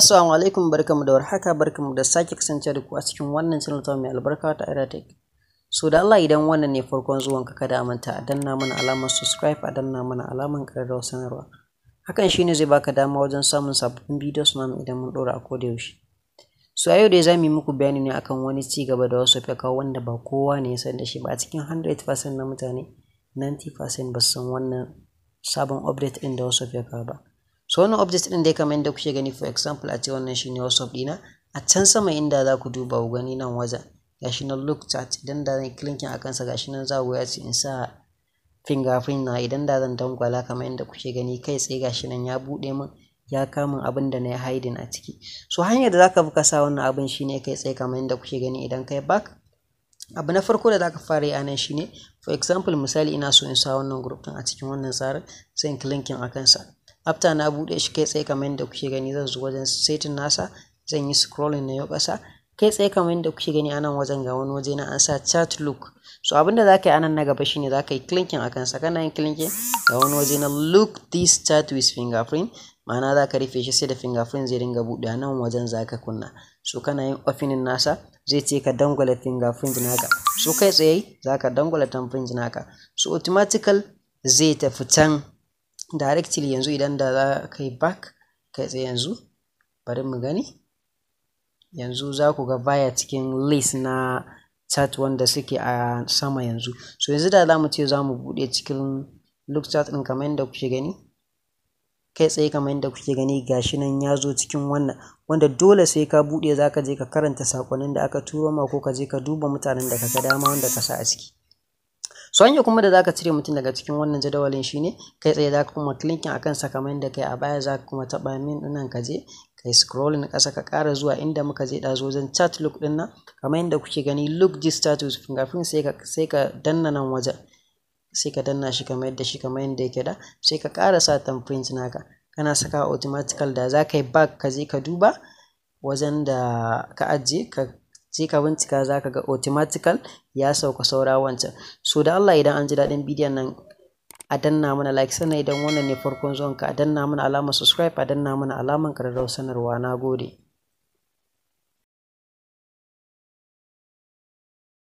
Assalamu alaikum barkamu da warhaka barkamu da sake kasance da ku a cikin wannan channel ta mai albarka ta Iratek. So da Allah idan wannan ne farkon zuwan ka kada manta a danna mana alamar subscribe a danna mana alamar ƙararrawar sanarwa. Hakan shine zai baka dama wajen samun sabbin bidiyos namu idan mun dora a koda yaushe. So a yau dai za mu yi muku bayani ne akan wani ci gaba da wasu faka wanda ba kowa ne ya san da shi ba a cikin 100% na mutane 90% ba su san wannan sabon update din da wasu faka ba. so wannan object din dai kamar yadda kuke gani for example a ce wannan shine whatsapp dina a can sama inda za ku duba ku gani nan wajen gashi nan look chat idan da zan clicking a sa gashi nan za ku ya ce in sa fingerprint na idan da zan dangwala kamar yadda kuke gani kai tsaye gashi nan ya bude min ya kama abin da na yi hiding a ciki so hanyar da zaka ka ka sa wannan abin shine kai tsaye kamar yadda kuke gani idan kai back abu na farko da zaka fara yi anan shine for example misali ina so in sa wannan group din a cikin wannan tsarin sai in clicking akan sa After na bude shi kai tsaye kamar yadda kuke gani zan zo wajen setting nasa zan yi scrolling na yau ƙasa kai tsaye kamar yadda kuke gani anan wajen ga wani waje na an sa chat look so abinda za ka yi anan na gaba shine za ka yi clicking akan sa kana yin clicking ga wani waje na look this chat with fingerprint ma'ana za ka rufe shi sai da fingerprint zai dinga buɗe nan wajen za ka kunna so kana yin opening nasa zai ce ka dangwala fingerprint naka so kai tsaye za ka dangwala thumbprint naka so automatical zai tafi can directly yanzu idan da za ka yi back kai tsaye yanzu bari mu gani yanzu za ku ga baya cikin list na chat wanda suke a sama yanzu so yanzu da za mu ce za mu buɗe cikin look chat ɗin kamar yadda kuke gani kai tsaye kamar yadda kuke gani gashi nan ya zo cikin wannan wanda dole sai ka buɗe za ka je ka karanta saƙonin da aka turo ma ko ka je ka duba mutanen da ka ga dama wanda ka sa a ciki so hanyar kuma da za ka cire mutum daga cikin wannan jadawalin shi ne kai tsaye zaka kuma a akan sakamakon da kai a baya ka kuma taba min nan ka je kai scrolling ƙasa ka ƙara zuwa inda muka je ɗazo wajen chat look ɗin nan kamar yadda kuke gani look this status fingerprint sai ka sai ka danna nan wajen sai ka danna shi kamar yadda shi kamar yadda yake da sai ka ƙara sa thumbprint naka kana saka automatical da za ka yi back ka je ka duba wajen da ka ajiye ka sai ka bincika za ka ga automatical ya sauka saura wancan so da Allah idan an ji daɗin bidiyon nan a danna mana like sannan idan wannan ne farkon zuwanka a danna mana alamar subscribe a danna mana alamar ƙararrawar sanarwa na gode